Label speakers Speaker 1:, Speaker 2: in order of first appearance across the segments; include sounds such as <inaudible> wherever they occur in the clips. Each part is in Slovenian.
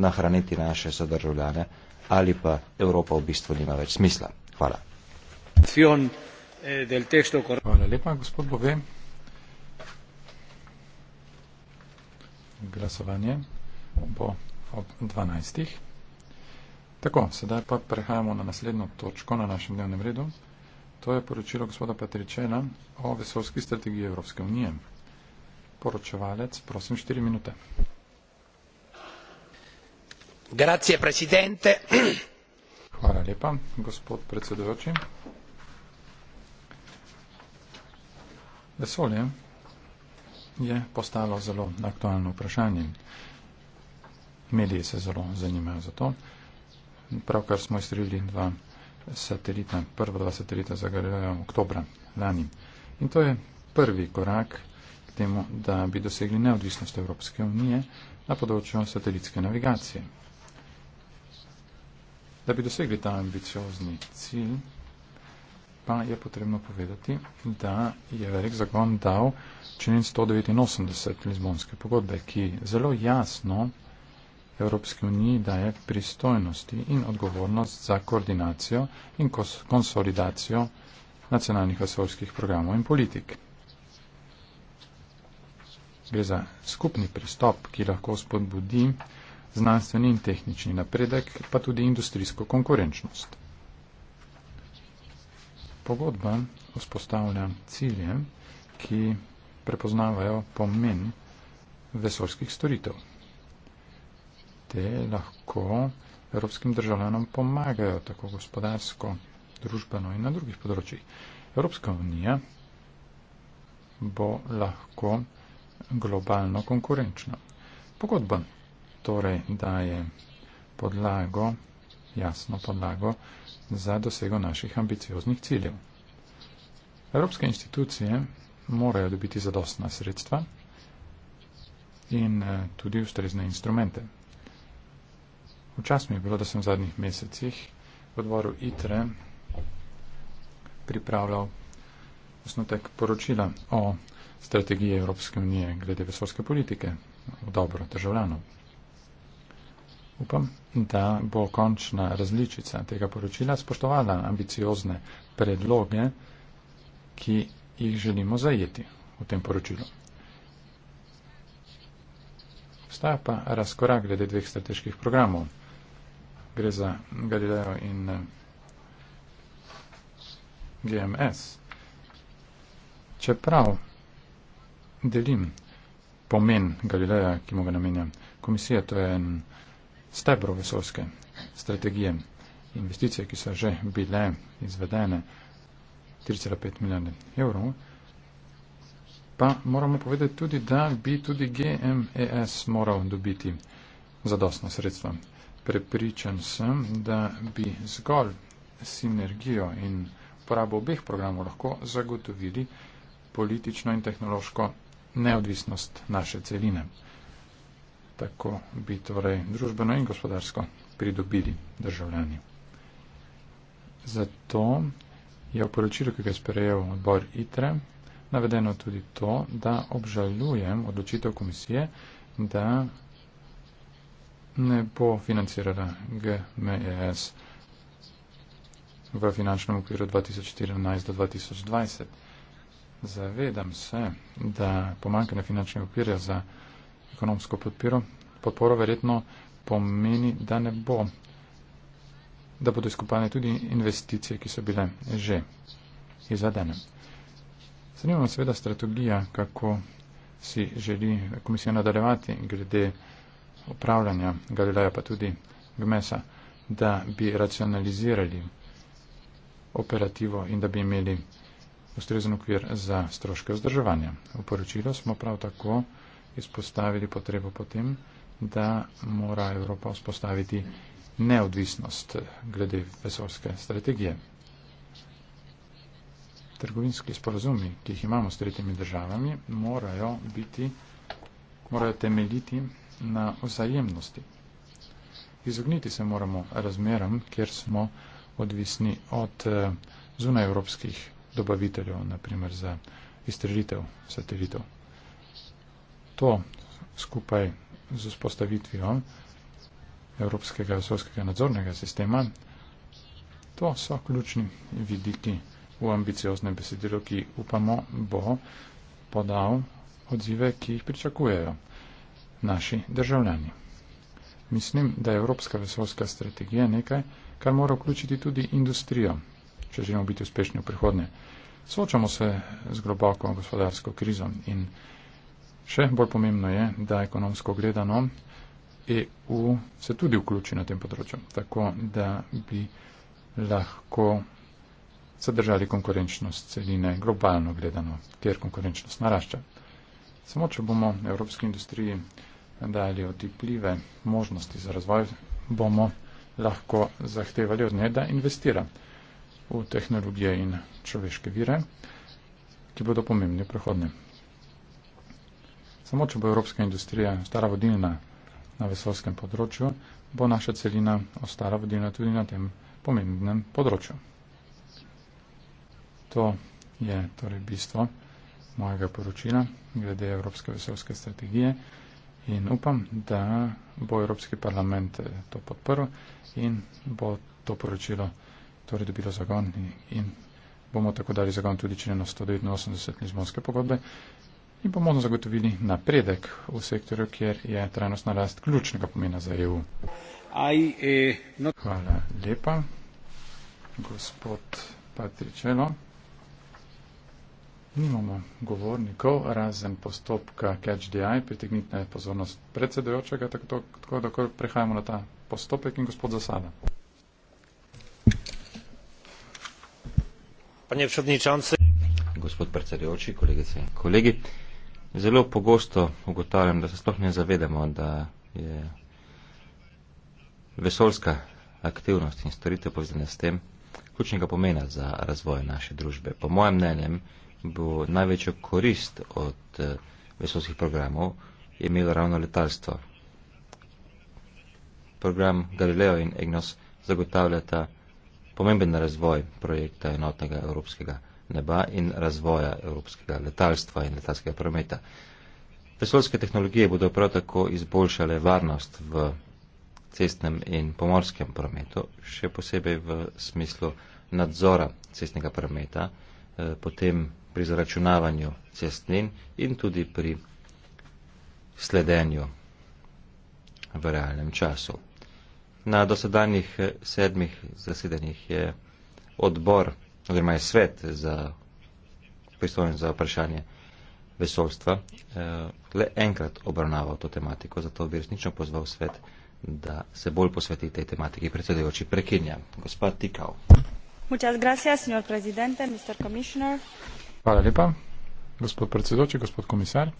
Speaker 1: nahraniti naše sodržavljane ali pa Evropa v bistvu nima več smisla. Hvala.
Speaker 2: Eh, Hvala lepa, gospod Bove. Glasovanje bo ob 12. Tako, sedaj pa prehajamo na naslednjo točko na našem dnevnem redu. To je poročilo gospoda Petričena o vesolski strategiji Evropske unije. Poročevalec, prosim, 4 minute. <clears throat> hvala lepa gospod predsedujoči vesolje je postalo zelo aktualno vprašanje mediji se zelo zanimajo za to pravkar smo izstrelili dva satelita prva dva satelita za galileo oktobra lani in to je prvi korak k temu da bi dosegli neodvisnost evropske unije na področju satelitske navigacije Da bi dosegli ta ambiciozni cilj, pa je potrebno povedati, da je velik zagon dal činjen 189 Lizbonske pogodbe, ki zelo jasno Evropski uniji daje pristojnosti in odgovornost za koordinacijo in konsolidacijo nacionalnih vesoljskih programov in politik. Gre za skupni pristop, ki lahko spodbudi znanstveni in tehnični napredek, pa tudi industrijsko konkurenčnost. Pogodba vzpostavlja cilje, ki prepoznavajo pomen vesolskih storitev. Te lahko evropskim državljanom pomagajo tako gospodarsko, družbeno in na drugih področjih. Evropska unija bo lahko globalno konkurenčna. Pogodba torej daje podlago, jasno podlago, za dosego naših ambicioznih ciljev. Evropske institucije morajo dobiti zadostna sredstva in eh, tudi ustrezne instrumente. Včas mi je bilo, da sem v zadnjih mesecih v odboru ITRE pripravljal osnotek poročila o strategiji Evropske unije glede vesolske politike v dobro državljanov upam, da bo končna različica tega poročila spoštovala ambiciozne predloge, ki jih želimo zajeti v tem poročilu. Staja pa razkorak glede dveh strateških programov. Gre za Galileo in eh, GMS. Čeprav delim pomen Galileja, ki mu ga namenjam, komisija to je en stebrov vesolske strategije, investicije, ki so že bile izvedene, 3,5 milijarde evrov, pa moramo povedati tudi, da bi tudi GMES moral dobiti zadostno sredstvo. Prepričan sem, da bi zgolj sinergijo in porabo obeh programov lahko zagotovili politično in tehnološko neodvisnost naše celine tako bi torej družbeno in gospodarsko pridobili državljani. Zato je v poročilu, ki ga je sprejel odbor ITRE, navedeno tudi to, da obžalujem odločitev komisije, da ne bo financirala GMES v finančnem okviru 2014 do 2020. Zavedam se, da pomankanje finančnega okvirja za ekonomsko podpiro, podporo verjetno pomeni, da ne bo, da bodo izkopane tudi investicije, ki so bile že izvedene. Zanima me seveda strategija, kako si želi komisija nadaljevati glede upravljanja Galileja pa tudi GMS-a, da bi racionalizirali operativo in da bi imeli ustrezen okvir za stroške vzdrževanja. V poročilu smo prav tako izpostavili potrebo potem, da mora Evropa vzpostaviti neodvisnost glede vesolske strategije. Trgovinski sporozumi, ki jih imamo s tretjimi državami, morajo, biti, morajo temeljiti na vzajemnosti. Izogniti se moramo razmeram, kjer smo odvisni od eh, zunaj evropskih dobaviteljev, naprimer za izstrelitev satelitov to skupaj z vzpostavitvijo Evropskega vesolskega nadzornega sistema. To so ključni vidiki v ambicioznem besedilu, ki upamo bo podal odzive, ki jih pričakujejo naši državljani. Mislim, da je Evropska vesolska strategija nekaj, kar mora vključiti tudi industrijo, če želimo biti uspešni v prihodnje. Soočamo se z globoko gospodarsko krizo in Še bolj pomembno je, da ekonomsko gledano EU se tudi vključi na tem področju, tako da bi lahko zadržali konkurenčnost celine globalno gledano, kjer konkurenčnost narašča. Samo, če bomo evropski industriji dali odiplive možnosti za razvoj, bomo lahko zahtevali od nje, da investira v tehnologije in človeške vire, ki bodo pomembni v prihodnje. Samo če bo evropska industrija ostala vodilna na vesolskem področju, bo naša celina ostala vodilna tudi na tem pomembnem področju. To je torej bistvo mojega poročila glede Evropske vesolske strategije in upam, da bo Evropski parlament eh, to podprl in bo to poročilo torej dobilo zagon in bomo tako dali zagon tudi členu 189 Lizbonske pogodbe in bomo zagotovili napredek v sektorju, kjer je trajnostna rast ključnega pomena za EU. Eh, no. Hvala lepa, gospod Patričelo. Nimamo govornikov, razen postopka CatchDI, pritegnite pozornost predsedojočega, tako, tako da prehajamo na ta postopek in gospod Zasada.
Speaker 1: Gospod predsedujoči, kolegice in kolegi zelo pogosto ugotavljam, da se sploh ne zavedamo, da je vesoljska aktivnost in storitev povezane s tem ključnega pomena za razvoj naše družbe. Po mojem mnenjem bo največjo korist od eh, vesoljskih programov imelo ravno letalstvo. Program Galileo in EGNOS zagotavljata pomemben razvoj projekta enotnega evropskega neba in razvoja evropskega letalstva in letalskega prometa. Vesoljske tehnologije bodo prav tako izboljšale varnost v cestnem in pomorskem prometu, še posebej v smislu nadzora cestnega prometa, eh, potem pri zaračunavanju cestnin in tudi pri sledenju v realnem času. Na dosedanjih eh, sedmih zasedanjih je odbor oziroma je svet za pristojen za vprašanje vesoljstva, eh, le enkrat obravnaval to tematiko, zato bi resnično pozval svet, da se bolj posveti tej tematiki. Predsedujoči prekinja. Gospa Tikal. Muchas gracias, señor presidente, Mr. Commissioner.
Speaker 2: Hvala lepa, gospod predsedoči, gospod komisar.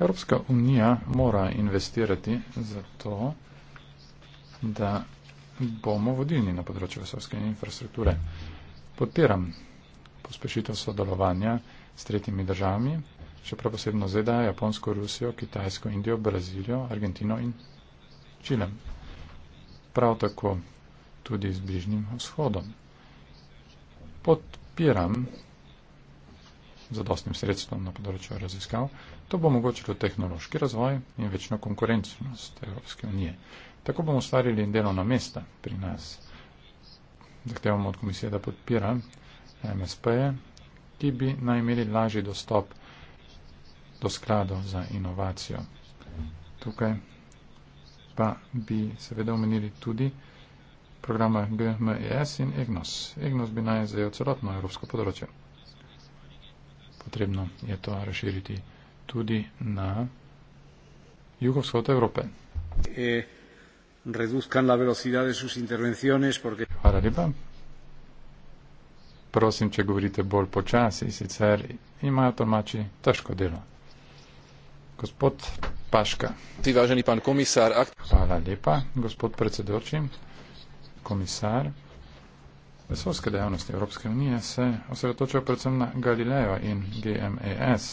Speaker 2: Evropska unija mora investirati za to, da bomo vodilni na področju vesoljske infrastrukture podpiram pospešitev sodelovanja s tretjimi državami, čeprav posebno ZDA, Japonsko, Rusijo, Kitajsko, Indijo, Brazilijo, Argentino in Čilem. Prav tako tudi z bližnjim vzhodom. Podpiram z dostnim sredstvom na področju raziskav, to bo omogočilo tehnološki razvoj in večno konkurenčnost Evropske unije. Tako bomo ustvarili delovna mesta pri nas zahtevamo od komisije, da podpira MSP-je, ki bi naj imeli lažji dostop do skladov za inovacijo. Tukaj pa bi seveda omenili tudi programa GMES in EGNOS. EGNOS bi naj zajel celotno evropsko področje. Potrebno je to razširiti tudi na jugovzhod Evrope. E reduzcan la velocidad de sus intervenciones porque. Hvala lepa. Prosim, če govorite bolj počasi, sicer imajo tolmači težko delo. Gospod Paška. Ti važeni pan komisar. Ak... Hvala lepa, gospod predsedoči, komisar. Vesolske dejavnosti Evropske unije se osredotočajo predvsem na Galileo in GMES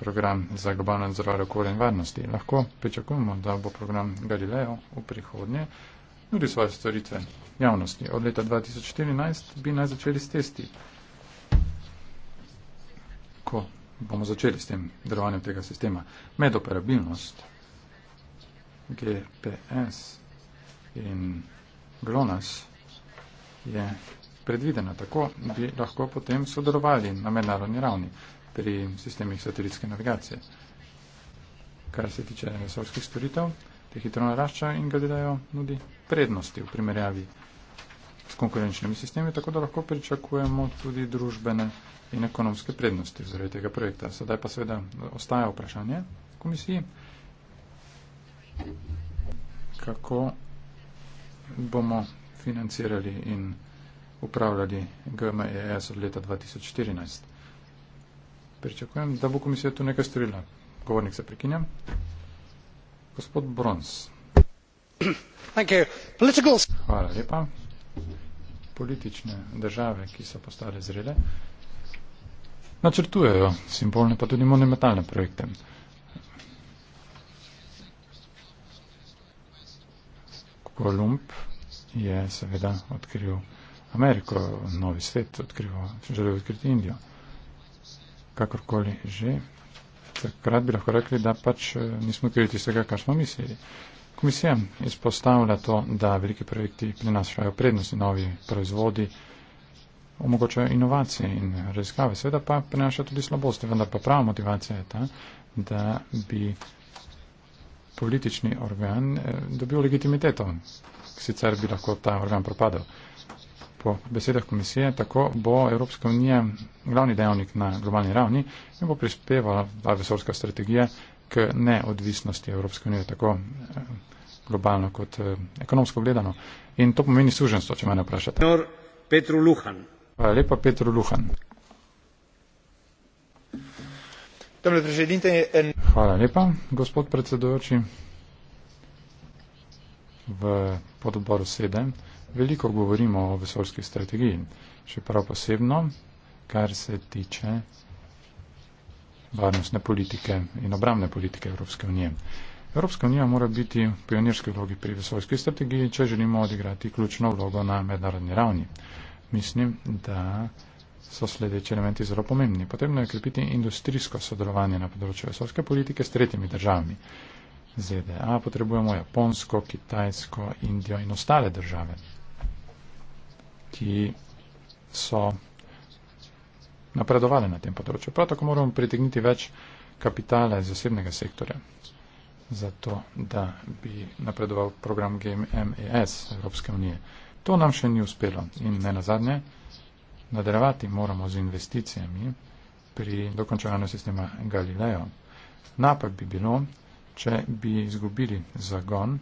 Speaker 2: program za globalno nadzorovanje okolja in varnosti. Lahko pričakujemo, da bo program Galileo v prihodnje nudi svoje storitve javnosti. Od leta 2014 bi naj začeli s testi. Ko bomo začeli s tem delovanjem tega sistema, medoperabilnost GPS in GLONAS je predvidena. Tako bi lahko potem sodelovali na mednarodni ravni pri sistemih satelitske navigacije. Kar se tiče vesolskih storitev, te hitro naraščajo in Galileo nudi prednosti v primerjavi s konkurenčnimi sistemi, tako da lahko pričakujemo tudi družbene in ekonomske prednosti vzrej tega projekta. Sedaj pa seveda ostaja vprašanje komisiji, kako bomo financirali in upravljali GMES od leta 2014 pričakujem, da bo komisija tu nekaj storila. Govornik se prekinja. Gospod Brons. Hvala lepa. Politične države, ki so postale zrele, načrtujejo simbolne pa tudi monumentalne projekte. Kolumb je seveda odkril Ameriko, novi svet odkril, želel odkriti Indijo kakorkoli že, takrat bi lahko rekli, da pač eh, nismo krili tistega, kar smo mislili. Komisija izpostavlja to, da veliki projekti prinašajo prednosti, novi proizvodi omogočajo inovacije in raziskave, seveda pa prinašajo tudi slabosti, vendar pa prava motivacija je ta, da bi politični organ eh, dobil legitimiteto, sicer bi lahko ta organ propadel po besedah komisije, tako bo Evropska unija glavni dejavnik na globalni ravni in bo prispevala ta vesolska strategija k neodvisnosti Evropske unije, tako eh, globalno kot eh, ekonomsko gledano. In to pomeni suženstvo, če me ne vprašate. Petru Luhan. Hvala lepa, Petru Luhan. Hvala lepa, gospod predsedujoči. V pododboru 7 Veliko govorimo o vesoljski strategiji, še prav posebno, kar se tiče varnostne politike in obramne politike Evropske unije. Evropska unija mora biti v pionirski vlogi pri vesoljski strategiji, če želimo odigrati ključno vlogo na mednarodni ravni. Mislim, da so sledeči elementi zelo pomembni. Potrebno je krepiti industrijsko sodelovanje na področju vesoljske politike s tretjimi državami. ZDA e potrebujemo Japonsko, Kitajsko, Indijo in ostale države ki so napredovali na tem področju. Prav tako moramo pritegniti več kapitala iz zasebnega sektorja, zato da bi napredoval program GMES Evropske unije. To nam še ni uspelo in ne nazadnje, nadaljevati moramo z investicijami pri dokončanju sistema Galileo. Napak bi bilo, če bi izgubili zagon,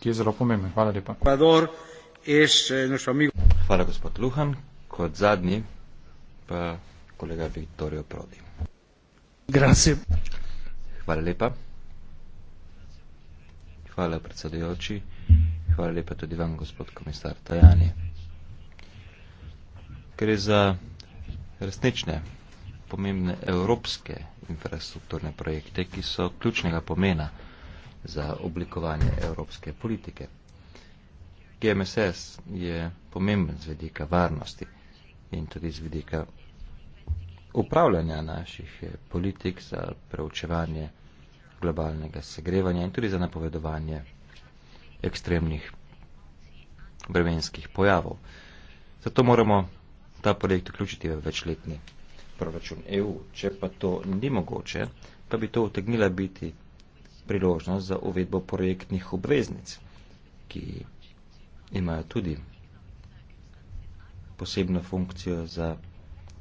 Speaker 2: ki je zelo pomemben. Hvala lepa.
Speaker 1: Ecuador, es, eh, Hvala, gospod Luhan. Kot zadnji pa kolega Viktorijo Prodi. Grazie. Hvala lepa. Hvala, predsedujoči. Hvala lepa tudi vam, gospod komisar Tajani. Gre za resnične, pomembne evropske infrastrukturne projekte, ki so ključnega pomena za oblikovanje evropske politike. GMSS je pomemben z vedika varnosti in tudi z vedika upravljanja naših eh, politik za preučevanje globalnega segrevanja in tudi za napovedovanje ekstremnih bremenskih pojavov. Zato moramo ta projekt vključiti v večletni proračun EU. Če pa to ni mogoče, pa bi to utegnila biti priložnost za uvedbo projektnih obveznic, ki imajo tudi posebno funkcijo za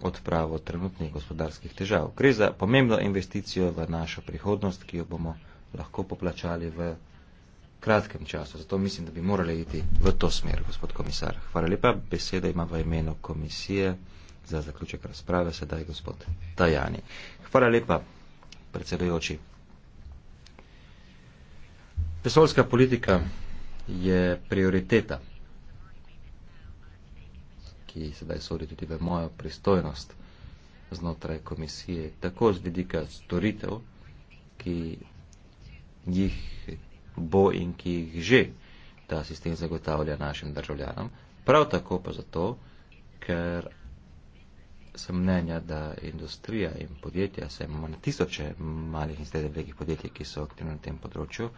Speaker 1: odpravo trenutnih gospodarskih težav. Gre za pomembno investicijo v našo prihodnost, ki jo bomo lahko poplačali v kratkem času. Zato mislim, da bi morali iti v to smer, gospod komisar. Hvala lepa. Beseda ima v imenu komisije za zaključek razprave sedaj gospod Tajani. Hvala lepa, predsedujoči. Vesoljska politika je prioriteta, ki sedaj sodi tudi v mojo pristojnost znotraj komisije, tako z vidika storitev, ki jih bo in ki jih že ta sistem zagotavlja našim državljanom, prav tako pa zato, ker sem mnenja, da industrija in podjetja, se imamo na tisoče malih in srednjih podjetij, ki so aktivni na tem področju,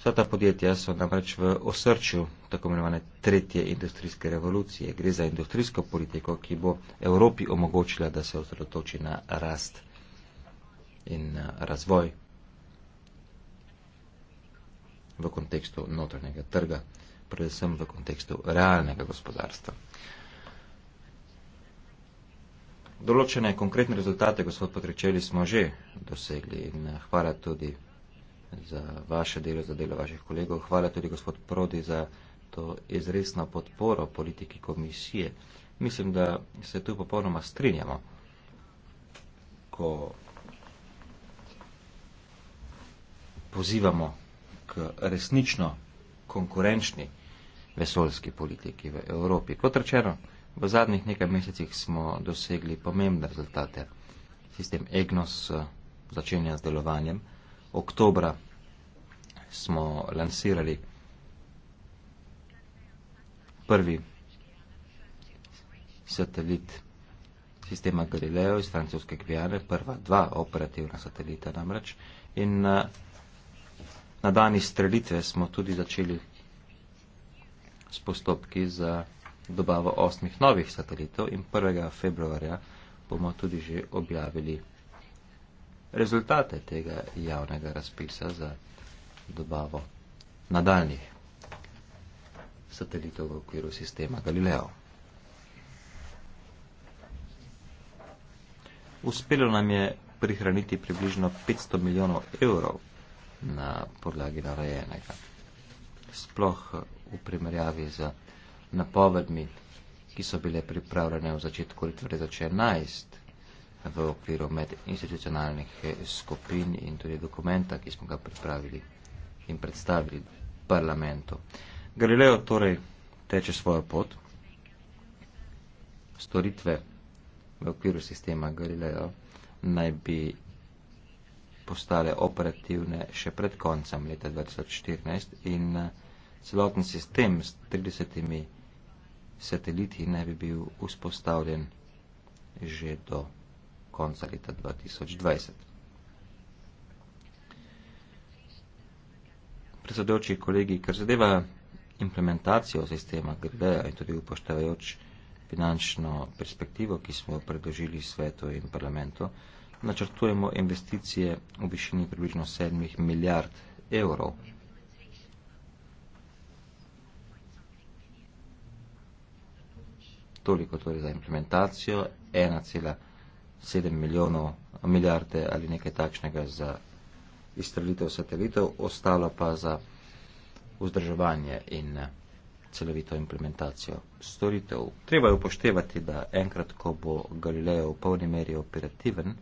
Speaker 1: Vsa ta podjetja so namreč v osrčju tako imenovane tretje industrijske revolucije. Gre za industrijsko politiko, ki bo Evropi omogočila, da se osredotoči na rast in eh, razvoj v kontekstu notranjega trga, predvsem v kontekstu realnega gospodarstva. Določene konkretne rezultate, gospod Potrečeli, smo že dosegli in eh, hvala tudi za vaše delo, za delo vaših kolegov. Hvala tudi gospod Prodi za to izresno podporo politiki komisije. Mislim, da se tu popolnoma strinjamo, ko pozivamo k resnično konkurenčni vesoljski politiki v Evropi. Kot rečeno, v zadnjih nekaj mesecih smo dosegli pomembne rezultate. Sistem EGNOS eh, začenja z delovanjem oktober smo lansirali prvi satelit sistema Galileo iz francoske Gvijane, prva dva operativna satelita namreč. In eh, na, na dani strelitve smo tudi začeli s postopki za dobavo osmih novih satelitov in 1. februarja bomo tudi že objavili rezultate tega javnega razpisa za dobavo nadaljnih satelitov v okviru sistema Galileo. Uspelo nam je prihraniti približno 500 milijonov evrov na podlagi narejenega. Sploh v primerjavi z napovedmi, ki so bile pripravljene v začetku leta 2011, v okviru medinstitucionalnih eh, skupin in tudi dokumenta, ki smo ga pripravili in predstavili parlamentu. Galileo torej teče svojo pot, storitve v okviru sistema Galileo naj bi postale operativne še pred koncem leta 2014 in eh, celoten sistem s 30 sateliti naj bi bil vzpostavljen že do konca leta 2020. Predsedujoči kolegi, kar zadeva implementacijo sistema GRD in tudi upoštevajoč finančno perspektivo, ki smo jo predložili svetu in parlamentu, načrtujemo investicije v višini približno 7 milijard evrov. Toliko torej za implementacijo, 1,5 7 milijonov milijarde ali nekaj takšnega za izstrelitev satelitov, ostalo pa za vzdrževanje in eh, celovito implementacijo storitev. Treba je upoštevati, da enkrat, ko bo Galileo v polni meri operativen,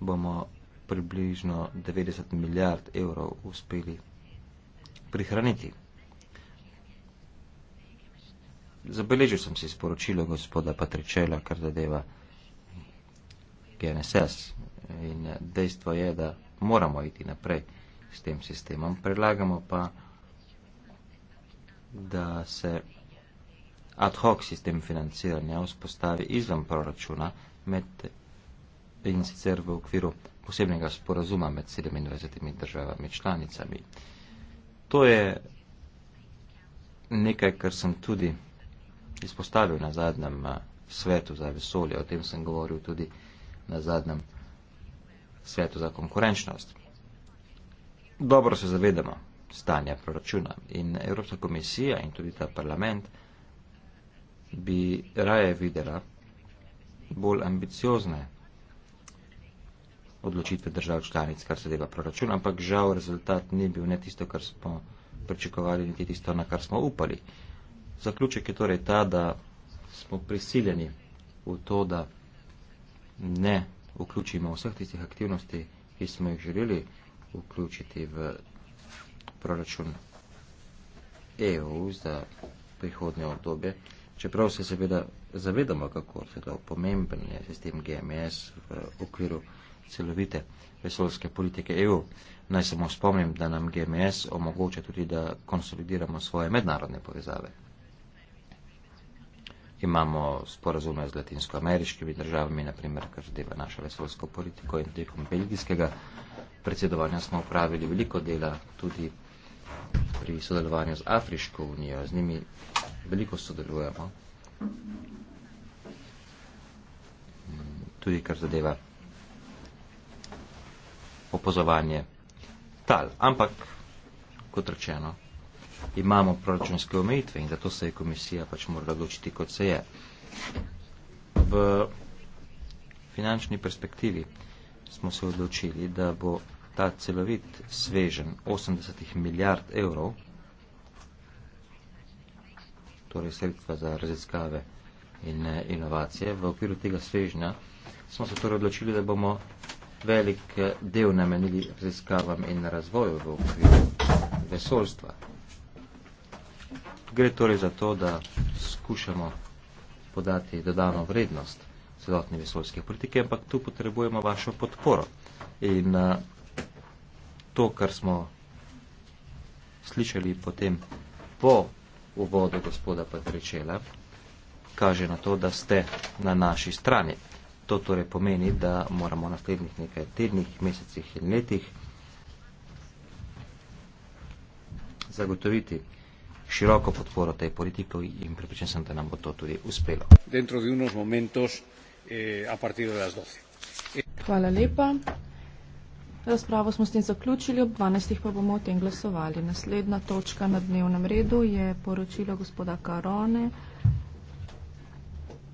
Speaker 1: bomo približno 90 milijard evrov uspeli prihraniti. Zabeležil sem si sporočilo gospoda Patričela, kar zadeva. Da PNSS. In eh, dejstvo je, da moramo iti naprej s tem sistemom. Predlagamo pa, da se ad hoc sistem financiranja vzpostavi izven proračuna med, in sicer v okviru posebnega sporazuma med 27 državami članicami. To je nekaj, kar sem tudi izpostavil na zadnjem eh, svetu za vesolje. O tem sem govoril tudi na zadnjem svetu za konkurenčnost. Dobro se zavedamo stanja proračuna in Evropska komisija in tudi ta parlament bi raje videla bolj ambiciozne odločitve držav članic, kar se deva proračuna, ampak žal rezultat ni bil ne tisto, kar smo pričakovali, niti tisto, na kar smo upali. Zaključek je torej ta, da smo prisiljeni v to, da ne vključimo vseh tistih aktivnosti, ki smo jih želeli vključiti v proračun EU za prihodnje obdobje, čeprav se seveda zavedamo, kako zelo pomemben je sistem GMS v okviru celovite vesolske politike EU. Naj samo spomnim, da nam GMS omogoča tudi, da konsolidiramo svoje mednarodne povezave imamo sporazume z latinskoameriškimi državami, naprimer, kar zadeva našo vesolsko politiko in tekom belgijskega predsedovanja smo upravili veliko dela tudi pri sodelovanju z Afriško unijo, z njimi veliko sodelujemo. Tudi kar zadeva opozovanje tal, ampak kot rečeno, imamo proračunske omejitve in zato se je komisija pač morala odločiti, kot se je. V finančni perspektivi smo se odločili, da bo ta celovit svežen 80 milijard evrov, torej sredstva za raziskave in eh, inovacije, v okviru tega svežnja smo se torej odločili, da bomo velik eh, del namenili raziskavam in razvoju v okviru vesoljstva. Gre torej za to, da skušamo podati dodano vrednost celotne vesoljske politike, ampak tu potrebujemo vašo podporo. In eh, to, kar smo slišali potem po uvodu gospoda Patričela, kaže na to, da ste na naši strani. To torej pomeni, da moramo v naslednjih nekaj tednih, mesecih in letih zagotoviti široko podporo tej politiki in pripričan sem, da nam bo to tudi uspelo.
Speaker 2: Eh, Hvala lepa. Razpravo smo s tem zaključili, ob 12. pa bomo o tem glasovali. Naslednja
Speaker 1: točka na dnevnem redu je poročilo gospoda Karone.